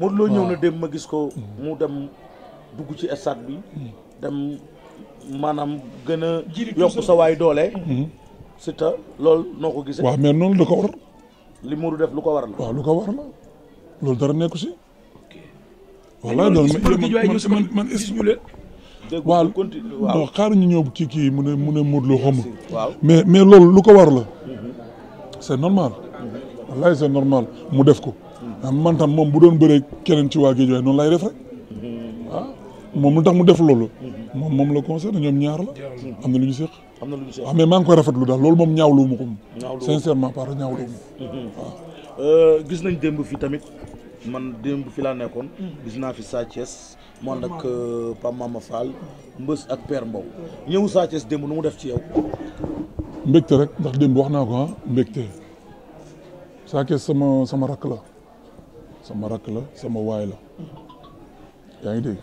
Modou Lo ñëw na dem ma gis ko mm. mu dem dugg ci stade bi mm. dem maanaam gën a yokk sa waay doole mm. si ta loolu noo ko gisee waaw mais noonu lu ko war li Modou def lu ko war la waaw lu ko war loolu dara nekku si voilà loolu man man expliqué waaw non xaar ñu ñëw ci kii mu ne mu ne Modou Lo xom mais mais loolu lu ko war la mm-hmm. c'est normal mm-hmm. wallahi c'est normal mu def ko Ah, man tam moom bu doon bëree keneen ci waa Guédiawaye noonu lay def rek ah moom lu tax mu def loolu moom moom la concerne ñoom ñaar la am na lu ñu séq am na lu ñu séq waaw ah, mais maa ngi rafetlu daal loolu moom ñaawlu ma ko moom sincèrement par ñaawlu ma waaw ah. euh, gis nañ démb fi tamit man démb fi laa nekkoon gis naa fi Sa Thiès mu ànd ak euh, Pape Mama Fall Mbës ak Père Mbow ñëw Sa Thiès démb nu mu def ci yow mbégte rek ndax démb wax naa ko ah mbégte sama sama rakk la sama rakk la sama waay la yaa ngi dégg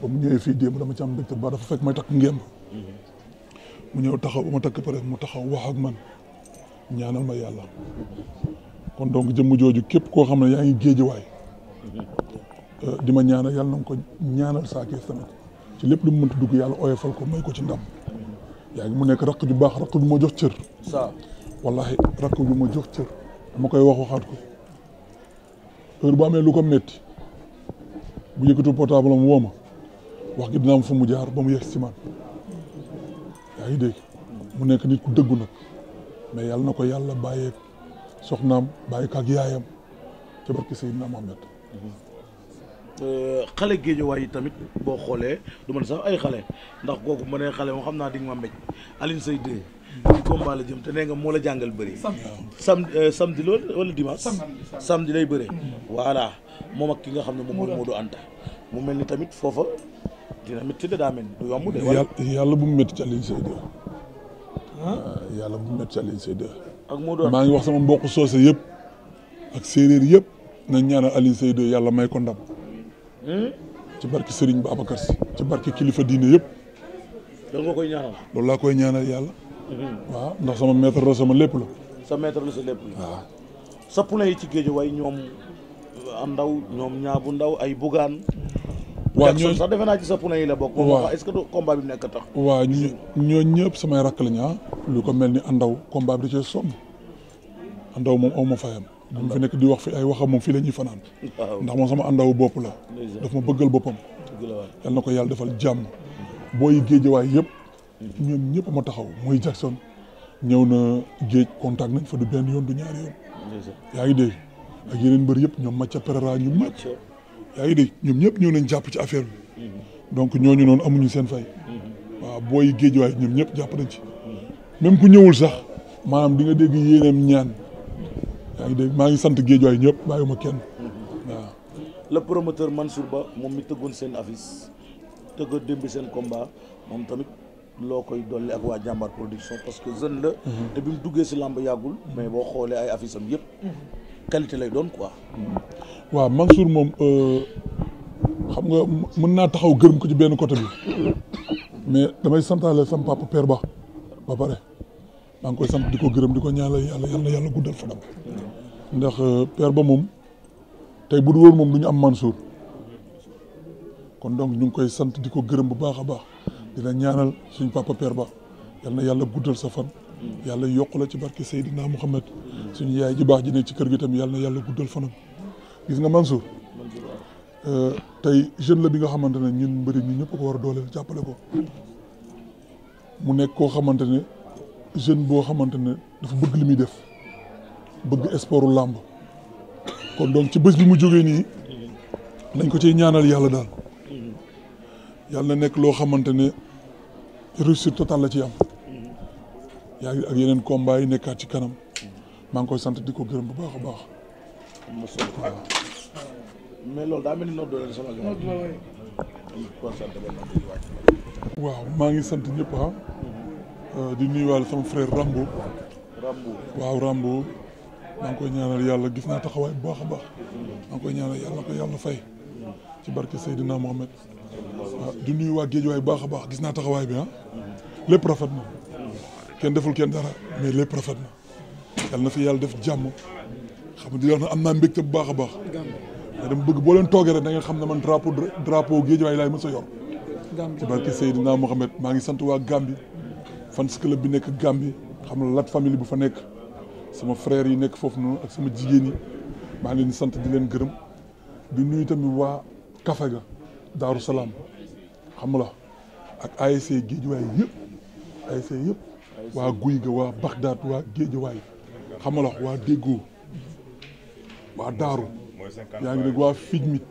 ba mu ñëwee fii démb dama ci am mbégte ba dafa fekk may takk ngemb mu ñëw taxaw ba ma takk pare mu taxaw wax ak man ñaanal ma yàlla kon donc jëmm jooju képp koo xam ne yaa ngi géej waay euh, di ma ñaanal yàlla na ko ñaanal saake kees ci lépp lu mu mënti dugg yàlla oyofal ko may ko ci ndam yaa mu nekk rakk ju baax rakk ma jox cër. saa wallaahi rakk ma jox cër dama koy wax waxaat ko. heure bu amee lu ko métti bu yëkkatul portable am woo ma wax gi dina fu mu jaar ba mu yegg si man yaa mu nekk nit ku dëggu nag mais yàlla na ko yàlla bàyyeeg soxnaam bàyyi ko ak yaayam ci barke Seydina Mohamed Euh, xale géejawaay yi tamit boo xoolee du ma sax ay xale ndax kooku ma ne xale moo xam naa di ma mbéj Alioune Seye 2 la jëm te nee nga moo la jàngal bëri samedi euh, samedi loolu wala dimanche samedi lay bëree mm-hmm. voilà moom ak ki nga xam ne moom mooy Modou mu mel ni tamit foofa dina métti yomb yàlla bu mu ci Alioune Seye 2 yàlla bu mu métti ah, ak Modou maa ngi wax sama mbokk soose yëpp ak séeréer yëpp nañ ñaanal Alioune Seye 2 yàlla may ko ndam Hmm? ci barki Serigne Babacar si ci barki kilifa diine yëpp. loolu nga koy ñaanal. loolu laa koy ñaanal yàlla. Hmm. waaw ndax sama maître la sama lépp la. sa maître la sa lépp la. sa poulain yi ci géej way ñoom ndaw ñoom ñaabu ndaw ay bugaan. waa ñooñu ci sa poulain yi la bokk. nekk tax. waaw ñoo ñooñu ñëpp samay rakk la ñu ah. lu ko mel ni andaw combat bi da somm andaw moom aw fayam. duñ fi nekk di wax fi ay waxam moom fi la ñuy fanaan ndax moom sama àndaawu bopp la daf ma bëggal boppam yal na ko yàlla defal jàmm booy géejawaay yëpp ñoom ñëpp ma taxaw muy Jackson ñëw na géej contact nañ fa benn yoon du ñaari yaa ngi dégg ak yeneen yëpp ñoom Macha Perera ñoom ñëpp yaa ngi dégg ñoom ñëpp ñëw nañ jàpp ci affaire bi mhm. donc ñooñu noonu amuñu seen fay mhm. waaw booy géejawaay ñoom ñëpp jàpp nañ ci même ku ñëwul sax maanaam di nga dégg yéeneem ñaan yaa maa ngi sant géejooy ñëpp bàyyiwuma kenn mm-hmm. waaw. le promoteur Mansour Ba moom mi tëggoon seen affiche tëgg démb seen combat moom tamit loo koy dolli ak waa jàmbaar production parce que jeune la. Mm-hmm. te bi mu duggee si làmb yàggul. Mm-hmm. mais boo xoolee ay affiche am yëpp. qualité lay doon quoi. waaw Mansour moom euh, xam nga mën naa taxaw gërëm ko ci benn côté bi mais damay santaale sama papa Ba ba pare. maa ngi koy sant di ko gërëm di ko ñaanal yàlla yàlla yàlla guddal fanam ndax euh, père ba moom tey bu du woon moom du ñu am Mansour kon donc ñu ngi koy sant di ko gërëm bu baax a baax di ñaanal suñ papa père ba yàlla na yàlla guddal sa fan yàlla yokk la ci barke Seydina Mouhamed suñu yaay ji baax ji nekk ci kër gi tamit yàlla na yàlla guddal fanam gis nga Mansour euh, tey jeune la bi nga xamante ne ñun mbëri ñi ñëpp ko war a jàppale ko mu nekk koo xamante ne jeune boo xamante ne dafa bëgg li muy def bëgg sportu làmb kon donc ci bés bi mu jógee nii nañ ko ciy ñaanal yàlla daal yàlla nekk loo xamante ne réussite totale la ci am yaa ngi ak yeneen combat yi nekkaat ci kanam maa ngi koy sant di ko gërëm bu baax a baax. mais loolu daa mel ni waaw maa ngi sant ñëpp ah. Euh, di nuyuwaale sama frère Rambo. Rambo waaw Rambo. maa ngi koy ñaanal yàlla gis naa taxawaay bu baax a baax. maa ngi koy ñaanal yàlla na ko yàlla fay. ci barke Seydina Mohamed. waaw di baax a baax gis naa taxawaay bi ah. lépp rafet na. kenn deful kenn dara mais lépp rafet na. yàlla na fi yàlla def jàmm. xam nga di wax ne am naa mbégte bu baax a baax. mais dama bëgg boo leen toogee rek da ngeen xam ne man drapeau drapeau Géejawaay laay mës a yor. ci barke Seydina Mohamed maa ngi sant waa Gambie. fans club bi nekk bi xam la lat famille bu fa nekk sama frère yi nekk foofu noonu ak sama jigéen yi maa ngi leen sant di leen gërëm di nuyu tamit waa kafe ga Daaru Salaam xam la ak ASC Géejawaay yëpp ASC yëpp waa Guy ga waa Bagdad waa Géejawaay xam la waa Déggoo waa Daaru yaa ngi dégg waa Fijmit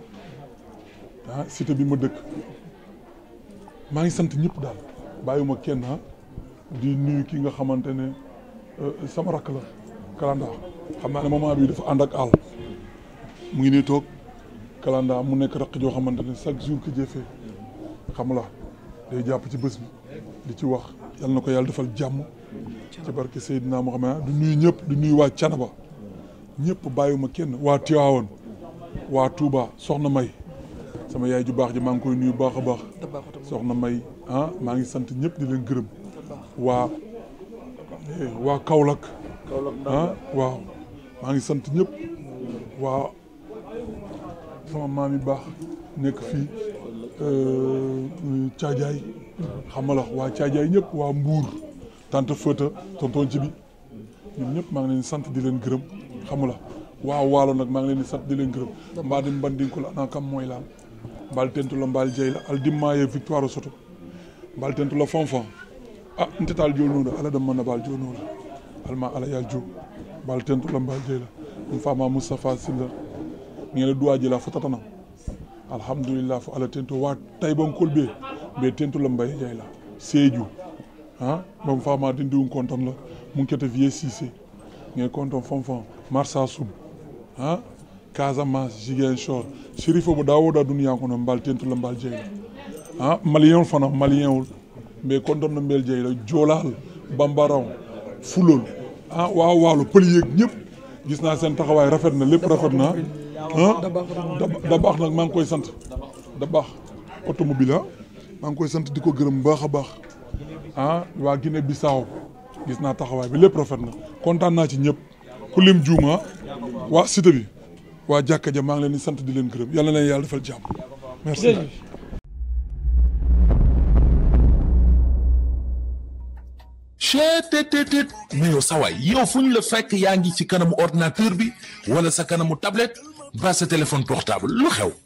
ah cité bi ma dëkk maa ngi sant ñëpp daal bàyyiwuma kenn ah di nuyu ki nga xamante ne euh, sama rakk la Kalanda xam naa ne moment bi dafa ànd ak àll mu ngi nii toog Kalanda mu nekk rakk joo xamante ne chaque jour ki jëfee xam la day jàpp ci bés bi di ci wax yal na ko yàlla defal jàmm ci barke Seydina Muhammad du nuyu ñëpp du nuyu waa Canaba ñëpp bàyyiwuma kenn waa Tiwaawoon waa Touba soxna May sama yaay ju baax ji maa ngi koy nuyu baax a baax soxna may ah maa ngi sant ñëpp di leen gërëm waa waa Kaolack ah, maa ngi sant ñépp waa sama maam yi baax nekk fii caajaay euh, xamala waa caajaay ñëpp waa Mbuur tante Fëta tonton Jibi ñoom ñëpp maa ngi leen sant di leen gërëm xamala waa waalo nag maa ngi leen di sant di leen gërëm mbaa di mbandinko la anaa kam mooy laal mbal tentulo mbal jeyla ala dimmaye victoire o soto mbal tentulo fonfon ah, a ntetal jonuɗo ala ɗam manna bal jonuɗo alma ala ya jo mbal tentulo mbal jeyla ɗum fama moustapha silla ñene duwaji la fotatanam alhamdoulillah fo ala tento wa taybankol ɓe ɓe tentulo mbaye jeyla seedio ha ɗum fama de ndiwum kontan la ah, mum kete vie sisé ñe kontan fonfon marsa sum ha ah. Casamance Ziguinchor sirifo mo dawoɗa duniyankono mbal tentulo mbal jeyla ha ah, malien ol fana malien ol mais kontonno mbel jeyla joolal bambaraw fulol ha ah, waw waalo pëliyeeg ñëpp gis naa seen taxawaay rafet na lépp rafet na ah maa ngi koy sant da baax automobile ah maa ngi koy sant di ko gërëm baax a baax ah waa Guinée Bissau gis naa taxawaay bi lépp rafet na kontaan naa ci ñëpp ku lim juuma ah, waa cité bi waa jàkka ja maa ngi leen di sant di leen gërëm yàlla na leen yàlla defal jàmm merci chettt mais yow sa yow fu ñu la fekk yaa ngi ci kanamu ordinateur bi wala sa kanamu tablette ba sa téléphone portable lu xew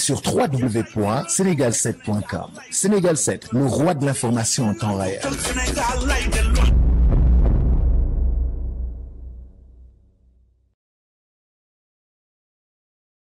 sur wwwsénégal Sénégal 7, le roi de l'information en temps